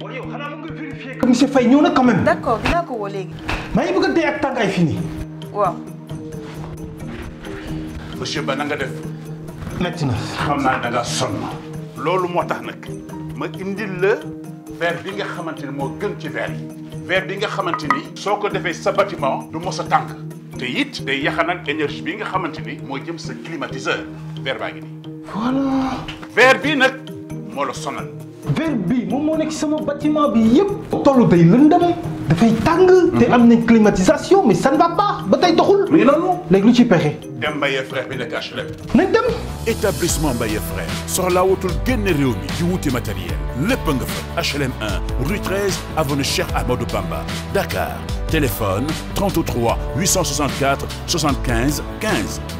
waaye yow xanaa mën nga vérifier que monsieur Faye ñëw na quand même. d'accord dinaa ko woo léegi. maa ngi bëgg a dee ak tàngaay fii nii. waaw. monsieur Ba na nga def. metti na. xam naa da nga sonn. loolu moo tax nag ma indil la verre bi nga xamante ni moo gën ci verre yi. verre bi nga xamante ni. soo ko defee sa bâtiment du mos a tànk. te it day yaxanal énergie bi nga xamante ni. moo jëm sa climatiseur verre baa ngi nii. voilà. verre bi nag. moo la sonal. verre bi moom sama bâtiment bi yëpp. tollu day lëndëm dafay tàng. te mhm. am nañ climatisation mais ça ne va pas ba doxul. mais loolu léegi lu ci pexe. dem Mbaye frère bi nekk HLM. nañ dem. établissement Mbaye frère soxlaawatul génn réew mi di wuti matériel lépp nga fa HLM 1 rue 13 avenue Cheikh Amadou Bamba Dakar téléphone 33 864 75